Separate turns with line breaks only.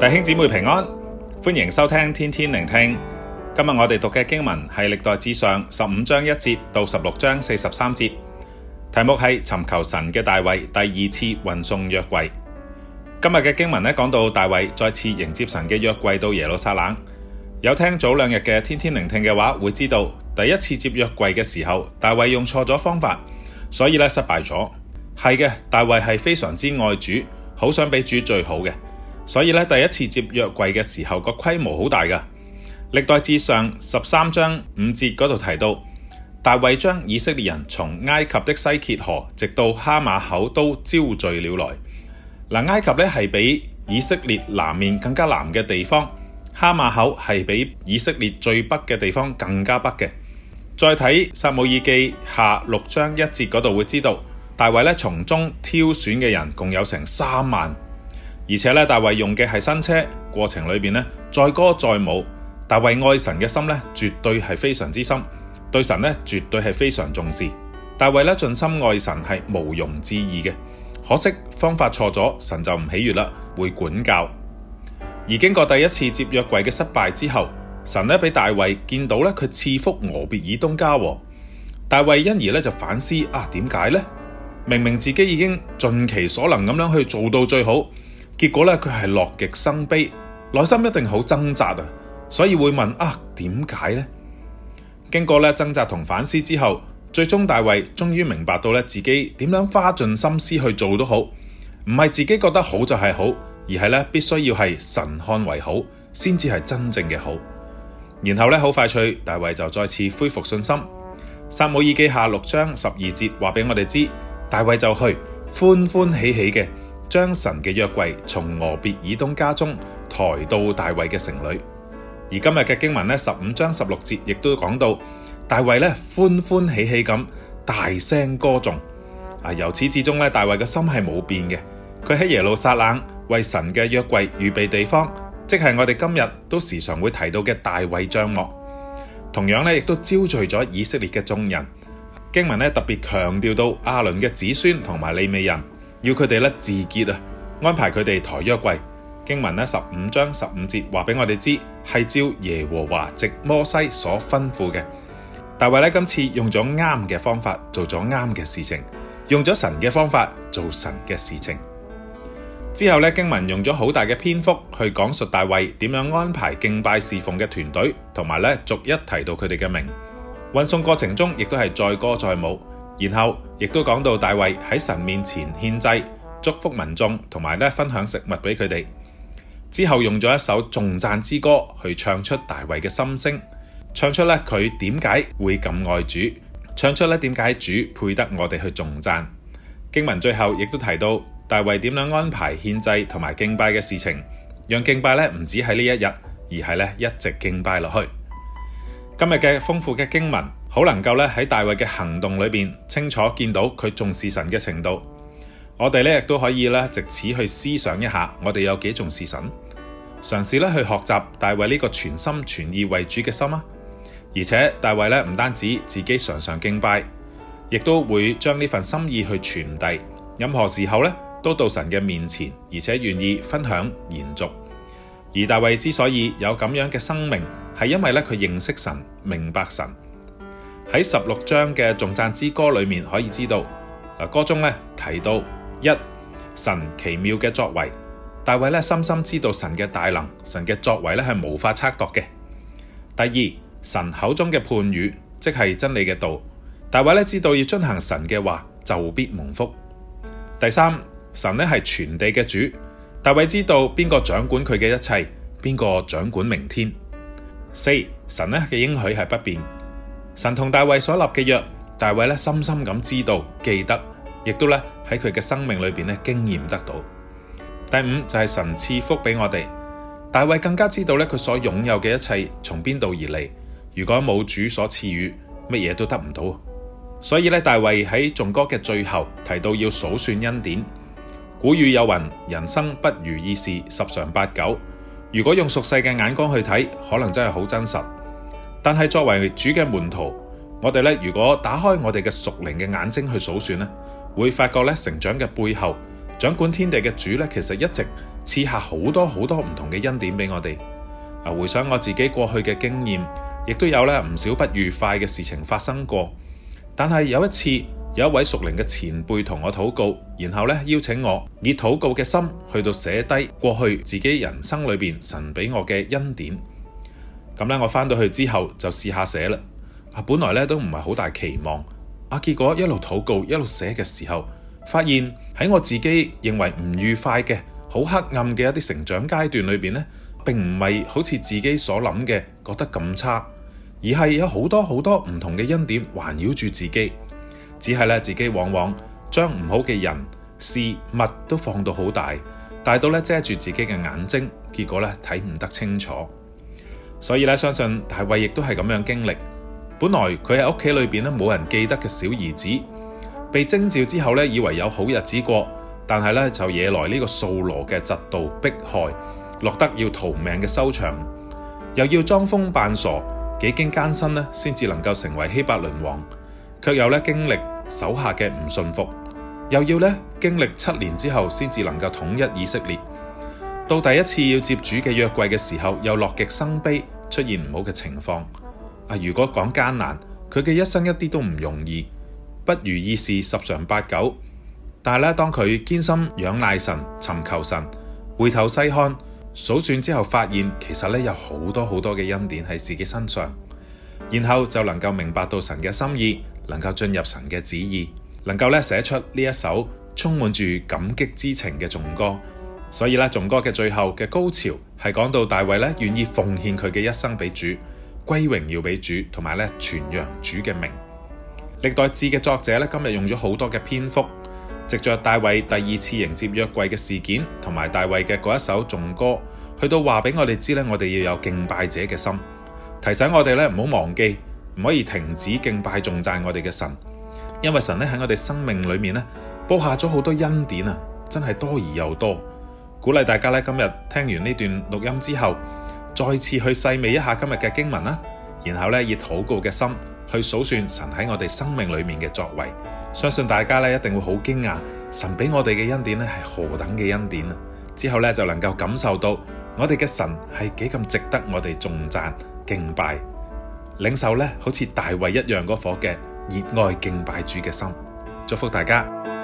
弟兄姊妹平安，歡迎收聽天天靈聽。今日我哋讀嘅經文係歷代志上十五章一節到十六章四十三節，題目係尋求神嘅大衛，第二次運送約櫃。今日嘅經文呢，講到大衛再次迎接神嘅約櫃到耶路撒冷。有聽早兩日嘅天天靈聽嘅話，會知道第一次接約櫃嘅時候，大衛用錯咗方法，所以呢失敗咗。係嘅，大衛係非常之愛主，好想俾主最好嘅。所以咧，第一次接約櫃嘅時候，個規模好大嘅。歷代志上十三章五節嗰度提到，大衛將以色列人從埃及的西曷河，直到哈馬口都招聚了來。嗱，埃及咧係比以色列南面更加南嘅地方，哈馬口係比以色列最北嘅地方更加北嘅。再睇撒母耳記下六章一節嗰度會知道，大衛咧從中挑選嘅人共有成三萬。而且咧，大衛用嘅係新車，過程裏邊呢，載歌載舞。大衛愛神嘅心呢，絕對係非常之深，對神呢，絕對係非常重視。大衛呢，盡心愛神係毋庸置疑嘅。可惜方法錯咗，神就唔喜悦啦，會管教。而經過第一次接約櫃嘅失敗之後，神呢，俾大衛見到呢，佢賜福俄別以東家喎。大衛因而呢，就反思：啊，點解呢？明明自己已經盡其所能咁樣去做到最好。結果呢，佢係樂極生悲，內心一定好掙扎啊，所以會問啊，點解咧？經過呢掙扎同反思之後，最終大衛終於明白到呢，自己點樣花盡心思去做都好，唔係自己覺得好就係好，而係呢必須要係神看為好，先至係真正嘅好。然後呢，好快脆，大衛就再次恢復信心。撒母耳記下六章十二節話俾我哋知，大衛就去，歡歡喜喜嘅。將神嘅約櫃從俄別以東家中抬到大衛嘅城裏，而今日嘅經文咧十五章十六節亦都講到，大衛咧歡歡喜喜咁大聲歌頌。啊，由始至終咧大衛嘅心係冇變嘅，佢喺耶路撒冷為神嘅約櫃預備地方，即係我哋今日都時常會提到嘅大衛帳幕，同樣咧亦都招聚咗以色列嘅眾人，經文咧特別強調到亞倫嘅子孫同埋利未人。要佢哋自潔，安排佢哋抬約櫃。經文十五章十五節話俾我哋知，係照耶和華藉摩西所吩咐嘅。大衛今次用咗啱嘅方法，做咗啱嘅事情，用咗神嘅方法，做神嘅事情。之後呢，經文用咗好大嘅篇幅去講述大衛點樣安排敬拜侍奉嘅團隊，同埋呢，逐一提到佢哋嘅名。運送過程中亦都係載歌載舞。然後亦都講到大衛喺神面前獻祭、祝福民眾，同埋咧分享食物俾佢哋。之後用咗一首頌讚之歌去唱出大衛嘅心聲，唱出咧佢點解會咁愛主，唱出咧點解主配得我哋去頌讚。經文最後亦都提到大衛點樣安排獻祭同埋敬拜嘅事情，讓敬拜咧唔止喺呢一日，而係咧一直敬拜落去。今日嘅豐富嘅經文，好能夠咧喺大衛嘅行動裏邊清楚見到佢重視神嘅程度。我哋呢亦都可以咧借此去思想一下，我哋有幾重視神，嘗試咧去學習大衛呢個全心全意為主嘅心啊！而且大衛咧唔單止自己常常敬拜，亦都會將呢份心意去傳遞。任何時候咧都到神嘅面前，而且願意分享延續。而大衛之所以有咁樣嘅生命，係因為咧，佢認識神，明白神。喺十六章嘅頌讚之歌裏面可以知道嗱。歌中咧提到一，神奇妙嘅作為，大衛咧深深知道神嘅大能，神嘅作為咧係無法測度嘅。第二，神口中嘅判語即係真理嘅道，大衛咧知道要遵行神嘅話就必蒙福。第三，神咧係全地嘅主，大衛知道邊個掌管佢嘅一切，邊個掌管明天。四神呢嘅應許係不變，神同大衛所立嘅約，大衛咧深深咁知道、記得，亦都咧喺佢嘅生命裏邊咧經驗得到。第五就係、是、神賜福俾我哋，大衛更加知道咧佢所擁有嘅一切從邊度而嚟，如果冇主所賜予，乜嘢都得唔到。所以咧，大衛喺頌歌嘅最後提到要數算恩典。古語有云：人生不如意事十常八九。如果用屬世嘅眼光去睇，可能真係好真實。但係作為主嘅門徒，我哋呢，如果打開我哋嘅屬靈嘅眼睛去數算呢，會發覺呢，成長嘅背後，掌管天地嘅主呢，其實一直賜下好多好多唔同嘅恩典俾我哋。啊，回想我自己過去嘅經驗，亦都有咧唔少不愉快嘅事情發生過。但係有一次。有一位屬靈嘅前輩同我禱告，然後咧邀請我以禱告嘅心去到寫低過去自己人生裏邊神俾我嘅恩典。咁咧，我翻到去之後就試下寫啦。啊，本來咧都唔係好大期望啊，結果一路禱告一路寫嘅時候，發現喺我自己認為唔愉快嘅好黑暗嘅一啲成長階段裏邊咧，並唔係好似自己所諗嘅覺得咁差，而係有好多好多唔同嘅恩典環繞住自己。只係咧，自己往往將唔好嘅人事物都放到好大，大到咧遮住自己嘅眼睛，結果咧睇唔得清楚。所以咧，相信大衛亦都係咁樣經歷。本來佢喺屋企裏邊咧冇人記得嘅小兒子，被徵召之後咧以為有好日子過，但係咧就惹來呢個掃羅嘅嫉妒迫害，落得要逃命嘅收場，又要裝瘋扮傻，幾經艱辛咧先至能夠成為希伯崙王。卻有咧經歷手下嘅唔信服，又要咧經歷七年之後先至能夠統一以色列。到第一次要接主嘅約櫃嘅時候，又樂極生悲，出現唔好嘅情況。啊，如果講艱難，佢嘅一生一啲都唔容易，不如意事十常八九。但係咧，當佢堅心仰賴神、尋求神，回頭細看數算之後，發現其實咧有好多好多嘅恩典喺自己身上，然後就能夠明白到神嘅心意。能夠進入神嘅旨意，能夠咧寫出呢一首充滿住感激之情嘅頌歌。所以咧，頌歌嘅最後嘅高潮係講到大衛咧願意奉獻佢嘅一生俾主，歸榮耀俾主，同埋咧傳揚主嘅名。歷代志嘅作者咧今日用咗好多嘅篇幅，藉着大衛第二次迎接約櫃嘅事件，同埋大衛嘅嗰一首頌歌，去到話俾我哋知咧，我哋要有敬拜者嘅心，提醒我哋咧唔好忘記。唔可以停止敬拜、頌讚我哋嘅神，因為神咧喺我哋生命裏面咧播下咗好多恩典啊，真係多而又多。鼓勵大家咧今日聽完呢段錄音之後，再次去細味一下今日嘅經文啦，然後咧以禱告嘅心去數算神喺我哋生命裏面嘅作為，相信大家咧一定會好驚訝，神俾我哋嘅恩典咧係何等嘅恩典啊！之後咧就能夠感受到我哋嘅神係幾咁值得我哋頌讚敬拜。領受呢，好似大衛一樣嗰顆嘅熱愛敬拜主嘅心，祝福大家。